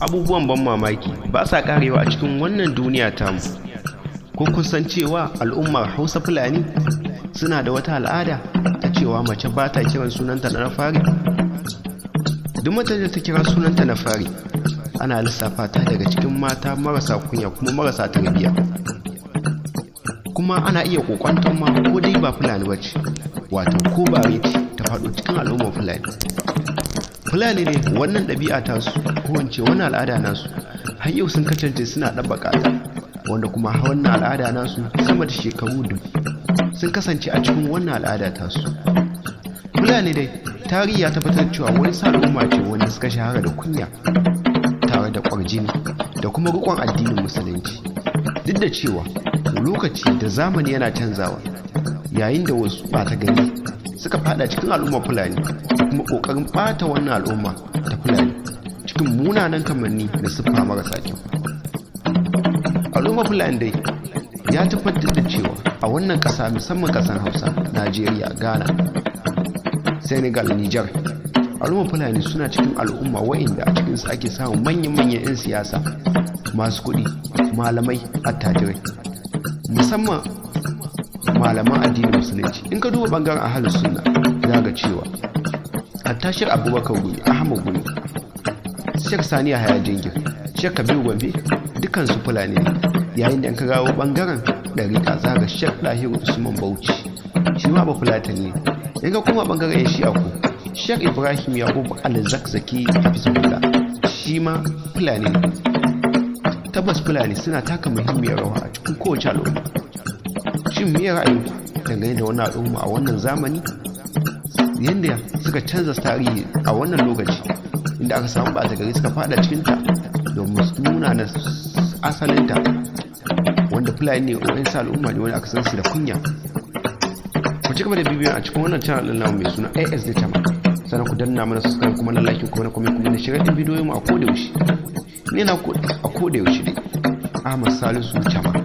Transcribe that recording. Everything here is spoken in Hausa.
abubuwan ban mamaki ba sa karewa a cikin wannan duniya tamu ko kusan cewa al'ummar hausa fulani suna da wata al'ada ta cewa mace ba ta kiran sunanta na fari duk mace da ta kira sunanta na fari ana lissafa ta daga cikin mata marasa kunya kuma marasa tarbiyya kuma ana iya kokwanton ma ko dai ba fulani bace wato ko ba ta faɗo cikin al'ummar fulani fulani ne wannan ɗabi'a ta su kowance wannan al'ada nasu har yau sun kacance suna ɗabbaka wanda kuma hawan al'ada nasu sama da shekaru dubu sun kasance a cikin wannan al'ada ta su fulani dai tarihi ya tabbatar cewa wani sa al'umma ce wanda suka shahara da kunya tare da kwarjini da kuma rikon addinin musulunci duk da cewa lokaci da zamani yana canzawa yayin da wasu ba ta gani suka fada cikin al'umma fulani kuma kokarin bata wannan al'umma ta fulani cikin munanan kamanni da siffa marasa kyau al'umma fulani dai ya tabbatar da cewa a wannan kasa musamman kasar hausa najeriya ghana senegal niger al'umma fulani suna cikin al'umma wa'inda a cikinsu ake samun manyan-manyan 'yan siyasa masu kuɗi malamai attajirai musamman malaman addinin musulunci in ka duba bangaren ahalus sunna za ga cewa attashir abubakar guni ahmad guni shek saniya haya jingir shek kabiru gombe dukkan su fulani ne yayin da an ka gawo bangaren ɗarika za ga shek lahiru usman bauchi shi ma ba fulatani ne in ka kuma bangaren ya shi ko shek ibrahim yakubu alzakzaki hafizullah shi ma fulani ne tabbas fulani suna taka muhimmiyar rawa a cikin kowace al'umma shin me ra'ayinka dangane da wannan al'umma a wannan zamani yadda suka canza tarihi a wannan lokaci inda aka samu ba gari suka fada cikinta domin su nuna na asalinta wanda fulani ne wani sa al'umma ne wani aka san su da kunya ku ci gaba da bibiyar a cikin wannan channel namu mai suna da Tama sannan ku danna mana su kan kuma na like kuma na comment kuma na share din bidiyoyin mu a koda yaushe ne na a koda yaushe ne, Ahmad Salisu Tama